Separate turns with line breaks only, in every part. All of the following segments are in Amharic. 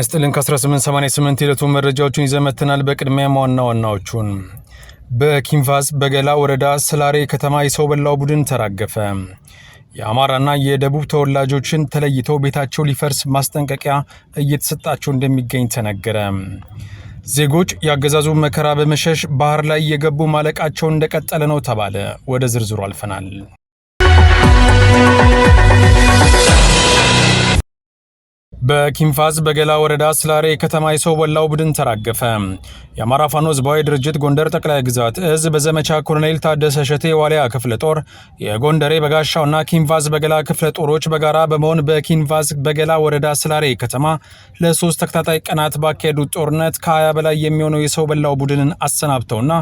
ይስጥልን ከ1888 የዕለቱ መረጃዎቹን ይዘመትናል። በቅድሚያ ዋና ዋናዎቹን በኪንቫዝ በገላ ወረዳ ስላሬ ከተማ የሰው በላው ቡድን ተራገፈ። የአማራና የደቡብ ተወላጆችን ተለይተው ቤታቸው ሊፈርስ ማስጠንቀቂያ እየተሰጣቸው እንደሚገኝ ተነገረ። ዜጎች የአገዛዙ መከራ በመሸሽ ባህር ላይ እየገቡ ማለቃቸው እንደቀጠለ ነው ተባለ። ወደ ዝርዝሩ አልፈናል። በኪንፋዝ በገላ ወረዳ ስላሬ ከተማ የሰው በላው ቡድን ተራገፈ። የአማራ ፋኖ ህዝባዊ ድርጅት ጎንደር ጠቅላይ ግዛት እዝ በዘመቻ ኮሎኔል ታደሰ ሸቴ ዋሊያ ክፍለ ጦር የጎንደሬ በጋሻውና ኪንፋዝ በገላ ክፍለ ጦሮች በጋራ በመሆን በኪንፋዝ በገላ ወረዳ ስላሬ ከተማ ለሶስት ተከታታይ ቀናት ባካሄዱት ጦርነት ከ20 በላይ የሚሆነው የሰው በላው ቡድንን አሰናብተውና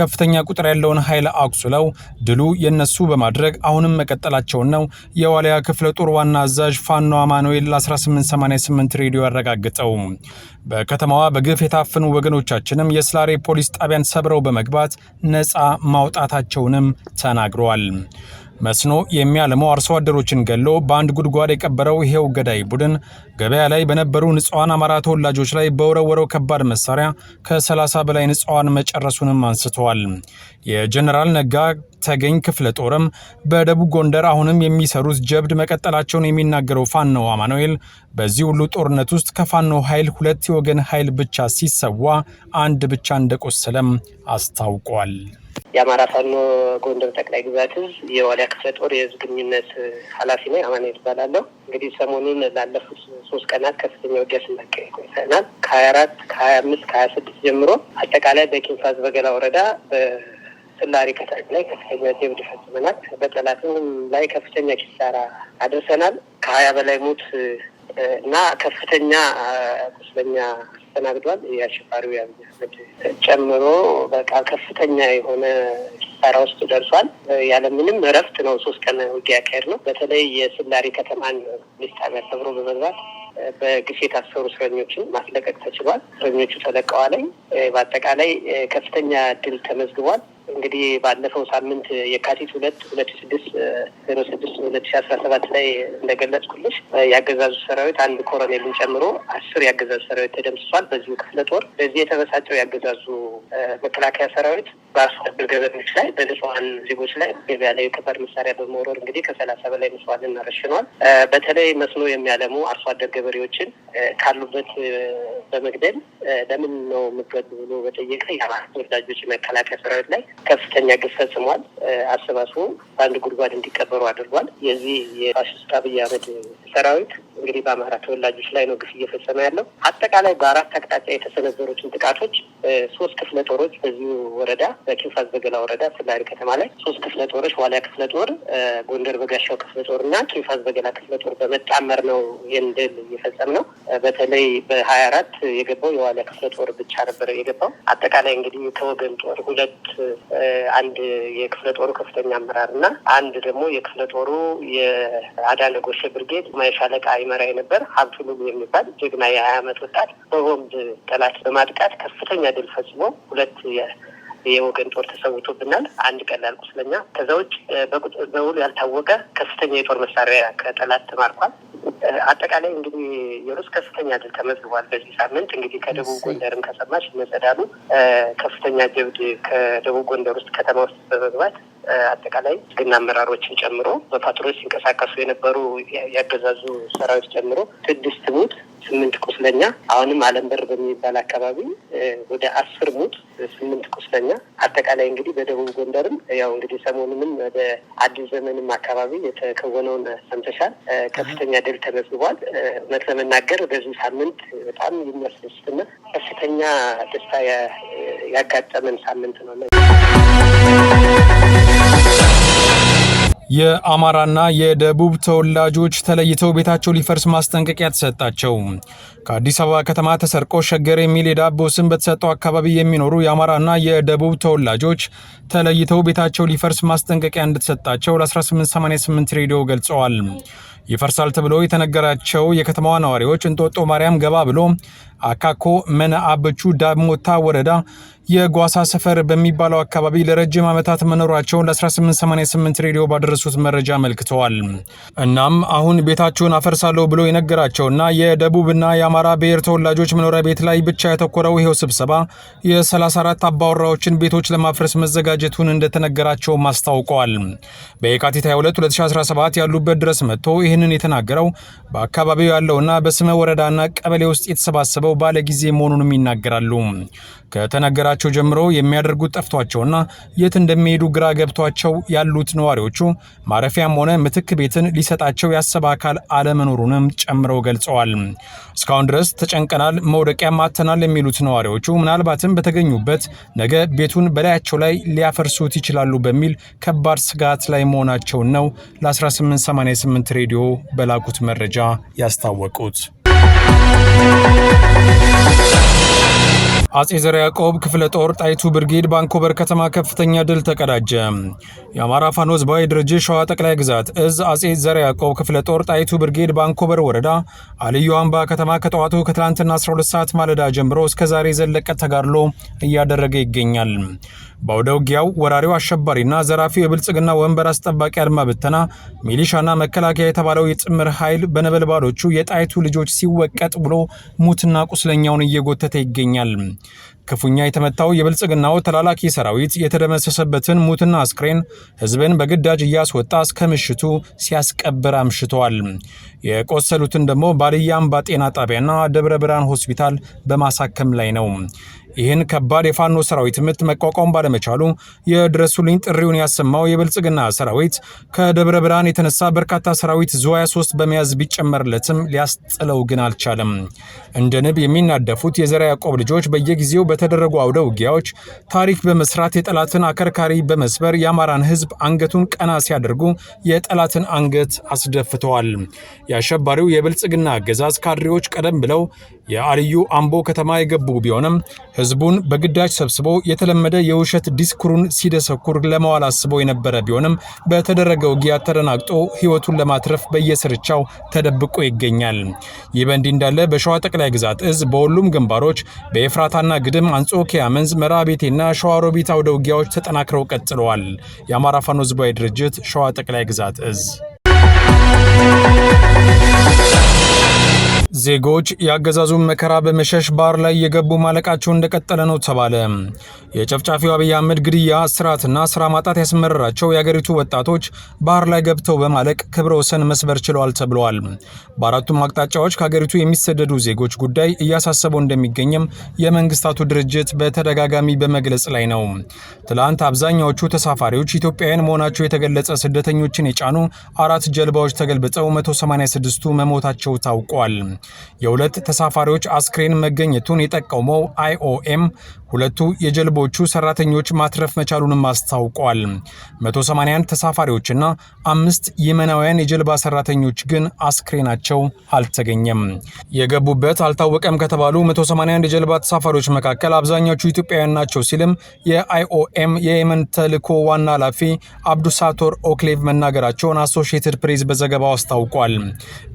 ከፍተኛ ቁጥር ያለውን ኃይል አቁስለው ድሉ የነሱ በማድረግ አሁንም መቀጠላቸውን ነው የዋሊያ ክፍለ ጦር ዋና አዛዥ ፋኖ አማኑኤል 18 88 ሬዲዮ ያረጋግጠው። በከተማዋ በግፍ የታፈኑ ወገኖቻችንም የስላሬ ፖሊስ ጣቢያን ሰብረው በመግባት ነፃ ማውጣታቸውንም ተናግረዋል። መስኖ የሚያለመው አርሶ አደሮችን ገሎ በአንድ ጉድጓድ የቀበረው ይሄው ገዳይ ቡድን ገበያ ላይ በነበሩ ንጹሐን አማራ ተወላጆች ላይ በወረወረው ከባድ መሳሪያ ከ30 በላይ ንጹሐን መጨረሱንም አንስተዋል። የጀነራል ነጋ ተገኝ ክፍለ ጦርም በደቡብ ጎንደር አሁንም የሚሰሩት ጀብድ መቀጠላቸውን የሚናገረው ፋኖ አማኑኤል በዚህ ሁሉ ጦርነት ውስጥ ከፋኖ ኃይል ሁለት የወገን ኃይል ብቻ ሲሰዋ አንድ ብቻ እንደቆሰለም አስታውቋል።
የአማራ ፋኖ ጎንደር ጠቅላይ ግዛት ህዝብ የዋሊያ ክፍለ ጦር የህዝብ ግንኙነት ኃላፊ ነው አማኑኤል እባላለሁ። እንግዲህ ሰሞኑን ላለፉት ሶስት ቀናት ከፍተኛ ውጊያ ስናካሄድ ቆይተናል። ከሀያ አራት ከሀያ አምስት ከሀያ ስድስት ጀምሮ አጠቃላይ በኪንፋዝ በገላ ወረዳ ቅላሪ ከሰርቅ ላይ ከፍተኛ ወንጀል ፈጽመናል። በጠላትም ላይ ከፍተኛ ኪሳራ አድርሰናል። ከሀያ በላይ ሞት እና ከፍተኛ ቁስለኛ አስተናግዷል። የአሸባሪው የአብይ አህመድ ጨምሮ በቃ ከፍተኛ የሆነ ኪሳራ ውስጥ ደርሷል። ያለምንም እረፍት ነው ሶስት ቀን ውጊያ ያካሄድ ነው። በተለይ የስላሪ ከተማን ሚስት ሰብሮ በመግባት በግፍ የታሰሩ እስረኞችን ማስለቀቅ ተችሏል። እስረኞቹ ተለቀዋለኝ። በአጠቃላይ ከፍተኛ ድል ተመዝግቧል። እንግዲህ ባለፈው ሳምንት የካቲት ሁለት ሁለት ስድስት ዜሮ ስድስት ሁለት ሺ አስራ ሰባት ላይ እንደገለጽኩልሽ የአገዛዙ ሰራዊት አንድ ኮሎኔልን ጨምሮ አስር የአገዛዙ ሰራዊት ተደምስሷል። በዚሁ ክፍለ ጦር በዚህ የተበሳጨው የአገዛዙ መከላከያ ሰራዊት በአርሶ ገበሬዎች ላይ በንጹሀን ዜጎች ላይ ገበያ ላይ ከባድ መሳሪያ በመውረር እንግዲህ ከሰላሳ በላይ ንጹሀንን ረሽኗል። በተለይ መስኖ የሚያለሙ አርሶ አደር ገበሬዎችን ካሉበት በመግደል ለምን ነው የምትገዱ ብሎ በጠየቀ የአማራ ተወላጆች መከላከያ ሰራዊት ላይ ከፍተኛ ግፍ ፈጽሟል። አሰባስቦ በአንድ ጉድጓድ እንዲቀበሩ አድርጓል። የዚህ የፋሽስት አብይ አህመድ ሰራዊት እንግዲህ በአማራ ተወላጆች ላይ ነው ግፍ እየፈጸመ ያለው። አጠቃላይ በአራት አቅጣጫ የተሰነዘሩትን ጥቃቶች ሶስት ክፍለ ክፍለ ጦሮች በዚሁ ወረዳ በኪንፋዝ በገላ ወረዳ ስላሪ ከተማ ላይ ሶስት ክፍለ ጦሮች ዋሊያ ክፍለ ጦር፣ ጎንደር በጋሻው ክፍለ ጦር እና ኪንፋዝ በገላ ክፍለ ጦር በመጣመር ነው ይህን ድል እየፈጸም ነው። በተለይ በሀያ አራት የገባው የዋሊያ ክፍለ ጦር ብቻ ነበር የገባው። አጠቃላይ እንግዲህ ከወገን ጦር ሁለት አንድ የክፍለ ጦሩ ከፍተኛ አመራር እና አንድ ደግሞ የክፍለ ጦሩ የአዳነ ጎሼ ብርጌድ ማይሻለቃ ይመራ የነበር ሀብቱ የሚባል ጀግና የሀያ አመት ወጣት በቦምብ ጠላት በማጥቃት ከፍተኛ ድል ፈጽሞ ሁለት የወገን ጦር ተሰውቶብናል። አንድ ቀላል ቁስለኛ። ከዛ ውጭ በውሉ ያልታወቀ ከፍተኛ የጦር መሳሪያ ከጠላት ተማርኳል። አጠቃላይ እንግዲህ የሩስ ከፍተኛ ድል ተመዝግቧል። በዚህ ሳምንት እንግዲህ ከደቡብ ጎንደርም ከሰማች መጸዳሉ ከፍተኛ ጀብድ ከደቡብ ጎንደር ውስጥ ከተማ ውስጥ በመግባት አጠቃላይ ግን አመራሮችን ጨምሮ በፓትሮች ሲንቀሳቀሱ የነበሩ ያገዛዙ ሰራዊት ጨምሮ ስድስት ሙት፣ ስምንት ቁስለኛ አሁንም አለም በር በሚባል አካባቢ ወደ አስር ሙት፣ ስምንት ቁስለኛ አጠቃላይ እንግዲህ በደቡብ ጎንደርም ያው እንግዲህ ሰሞኑንም ወደ አዲስ ዘመንም አካባቢ የተከወነውን ሰምተሻል። ከፍተኛ ድል ተመዝግቧል። እውነት ለመናገር በዚህ ሳምንት በጣም የሚያስደስትና ከፍተኛ ደስታ ያጋጠመን ሳምንት ነው።
የአማራና የደቡብ ተወላጆች ተለይተው ቤታቸው ሊፈርስ ማስጠንቀቂያ ተሰጣቸው። ከአዲስ አበባ ከተማ ተሰርቆ ሸገር የሚል የዳቦ ስም በተሰጠው አካባቢ የሚኖሩ የአማራና የደቡብ ተወላጆች ተለይተው ቤታቸው ሊፈርስ ማስጠንቀቂያ እንደተሰጣቸው ለ1888 ሬዲዮ ገልጸዋል። ይፈርሳል ተብሎ የተነገራቸው የከተማዋ ነዋሪዎች እንጦጦ ማርያም ገባ ብሎ አካኮ መነ አበቹ ዳሞታ ወረዳ የጓሳ ሰፈር በሚባለው አካባቢ ለረጅም ዓመታት መኖራቸውን ለ1888 ሬዲዮ ባደረሱት መረጃ አመልክተዋል። እናም አሁን ቤታችሁን አፈርሳለሁ ብሎ የነገራቸውና የደቡብና የአማራ ብሔር ተወላጆች መኖሪያ ቤት ላይ ብቻ ያተኮረው ይኸው ስብሰባ የ34 አባወራዎችን ቤቶች ለማፍረስ መዘጋጀቱን እንደተነገራቸው አስታውቀዋል። በየካቲት 22 2017 ያሉበት ድረስ መጥቶ ይህንን የተናገረው በአካባቢው ያለውና በስመ ወረዳና ቀበሌ ውስጥ የተሰባሰበው ባለጊዜ መሆኑንም ይናገራሉ። ከተነገራቸው ከልጅነታቸው ጀምሮ የሚያደርጉት ጠፍቷቸውና የት እንደሚሄዱ ግራ ገብቷቸው ያሉት ነዋሪዎቹ ማረፊያም ሆነ ምትክ ቤትን ሊሰጣቸው ያሰበ አካል አለመኖሩንም ጨምረው ገልጸዋል። እስካሁን ድረስ ተጨንቀናል፣ መውደቂያ ማተናል የሚሉት ነዋሪዎቹ ምናልባትም በተገኙበት ነገ ቤቱን በላያቸው ላይ ሊያፈርሱት ይችላሉ በሚል ከባድ ስጋት ላይ መሆናቸውን ነው ለ1888 ሬዲዮ በላኩት መረጃ ያስታወቁት። አጼ ዘርዓ ያዕቆብ ክፍለ ጦር ጣይቱ ብርጌድ ባንኮበር ከተማ ከፍተኛ ድል ተቀዳጀ። የአማራ ፋኖ ህዝባዊ ድርጅት ሸዋ ጠቅላይ ግዛት እዝ አጼ ዘርዓ ያዕቆብ ክፍለ ጦር ጣይቱ ብርጌድ ባንኮበር ወረዳ አልዩ አምባ ከተማ ከጠዋቱ ከትላንትና 12 ሰዓት ማለዳ ጀምሮ እስከ ዛሬ ዘለቀ ተጋድሎ እያደረገ ይገኛል። በአውደ ውጊያው ወራሪው አሸባሪና ዘራፊው የብልጽግና ወንበር አስጠባቂ አድማ ብተና ሚሊሻና መከላከያ የተባለው የጥምር ኃይል በነበልባሎቹ የጣይቱ ልጆች ሲወቀጥ ብሎ ሙትና ቁስለኛውን እየጎተተ ይገኛል። ክፉኛ የተመታው የብልጽግናው ተላላኪ ሰራዊት የተደመሰሰበትን ሙትና አስክሬን ህዝብን በግዳጅ እያስወጣ እስከ ምሽቱ ሲያስቀብር አምሽተዋል። የቆሰሉትን ደግሞ በሀዲያ ባጤና ጤና ጣቢያና ደብረ ብርሃን ሆስፒታል በማሳከም ላይ ነው። ይህን ከባድ የፋኖ ሰራዊት ምት መቋቋም ባለመቻሉ የድረሱልኝ ጥሪውን ያሰማው የብልጽግና ሰራዊት ከደብረ ብርሃን የተነሳ በርካታ ሰራዊት ዙ 23 በመያዝ ቢጨመርለትም ሊያስጥለው ግን አልቻለም። እንደ ንብ የሚናደፉት የዘራ ያዕቆብ ልጆች በየጊዜው በተደረጉ አውደ ውጊያዎች ታሪክ በመስራት የጠላትን አከርካሪ በመስበር የአማራን ህዝብ አንገቱን ቀና ሲያደርጉ የጠላትን አንገት አስደፍተዋል። የአሸባሪው የብልጽግና አገዛዝ ካድሬዎች ቀደም ብለው የአልዩ አምቦ ከተማ የገቡ ቢሆንም ህዝቡን በግዳጅ ሰብስቦ የተለመደ የውሸት ዲስኩሩን ሲደሰኩር ለመዋል አስቦ የነበረ ቢሆንም በተደረገ ውጊያ ተደናግጦ ህይወቱን ለማትረፍ በየስርቻው ተደብቆ ይገኛል። ይህ በእንዲህ እንዳለ በሸዋ ጠቅላይ ግዛት እዝ በሁሉም ግንባሮች በኤፍራታና ግድም፣ አንጾኪያ መንዝ፣ መራቤቴና ሸዋሮቢት አውደ ውጊያዎች ተጠናክረው ቀጥለዋል። የአማራ ፋኖ ህዝባዊ ድርጅት ሸዋ ጠቅላይ ግዛት እዝ ዜጎች የአገዛዙን መከራ በመሸሽ ባህር ላይ የገቡ ማለቃቸው እንደቀጠለ ነው ተባለ። የጨፍጫፊው አብይ አህመድ ግድያ፣ እስራትና ስራ ማጣት ያስመረራቸው የአገሪቱ ወጣቶች ባህር ላይ ገብተው በማለቅ ክብረ ወሰን መስበር ችለዋል ተብለዋል። በአራቱም አቅጣጫዎች ከአገሪቱ የሚሰደዱ ዜጎች ጉዳይ እያሳሰበው እንደሚገኝም የመንግስታቱ ድርጅት በተደጋጋሚ በመግለጽ ላይ ነው። ትላንት አብዛኛዎቹ ተሳፋሪዎች ኢትዮጵያውያን መሆናቸው የተገለጸ ስደተኞችን የጫኑ አራት ጀልባዎች ተገልብጠው 186ቱ መሞታቸው ታውቋል። የሁለት ተሳፋሪዎች አስክሬን መገኘቱን የጠቀመው አይኦኤም ሁለቱ የጀልቦቹ ሰራተኞች ማትረፍ መቻሉንም አስታውቋል። 181 ተሳፋሪዎችና አምስት የመናውያን የጀልባ ሰራተኞች ግን አስክሬናቸው አልተገኘም። የገቡበት አልታወቀም ከተባሉ 181 የጀልባ ተሳፋሪዎች መካከል አብዛኛዎቹ ኢትዮጵያውያን ናቸው ሲልም የአይኦኤም የየመን ተልዕኮ ዋና ኃላፊ አብዱሳቶር ኦክሌቭ መናገራቸውን አሶሺየትድ ፕሬስ በዘገባው አስታውቋል።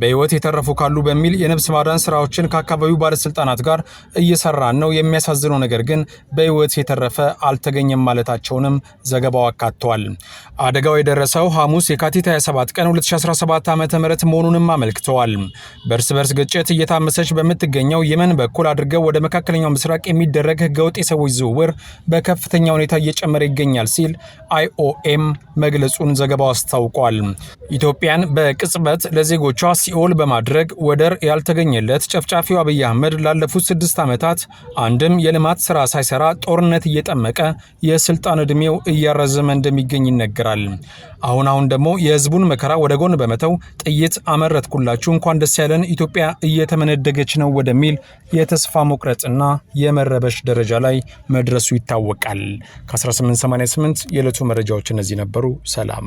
በህይወት የተረፉ ካሉ በሚል የነብስ ማዳን ስራዎችን ከአካባቢው ባለስልጣናት ጋር እየሰራን ነው። የሚያሳዝነው ነገር ግን በህይወት የተረፈ አልተገኘም ማለታቸውንም ዘገባው አካቷል። አደጋው የደረሰው ሐሙስ የካቲት 27 ቀን 2017 ዓ ም መሆኑንም አመልክተዋል። በእርስ በርስ ግጭት እየታመሰች በምትገኘው የመን በኩል አድርገው ወደ መካከለኛው ምስራቅ የሚደረግ ህገወጥ የሰዎች ዝውውር በከፍተኛ ሁኔታ እየጨመረ ይገኛል ሲል አይኦኤም መግለጹን ዘገባው አስታውቋል። ኢትዮጵያን በቅጽበት ለዜጎቿ ሲኦል በማድረግ ወደር ያልተገኘለት ጨፍጫፊው አብይ አህመድ ላለፉት ስድስት ዓመታት አንድም የልማት ስራ ሳይሰራ ጦርነት እየጠመቀ የስልጣን ዕድሜው እያረዘመ እንደሚገኝ ይነገራል። አሁን አሁን ደግሞ የህዝቡን መከራ ወደ ጎን በመተው ጥይት አመረትኩላችሁ እንኳን ደስ ያለን ኢትዮጵያ እየተመነደገች ነው ወደሚል የተስፋ መቁረጥና የመረበሽ ደረጃ ላይ መድረሱ ይታወቃል። ከ1888 የዕለቱ መረጃዎች እነዚህ ነበሩ። ሰላም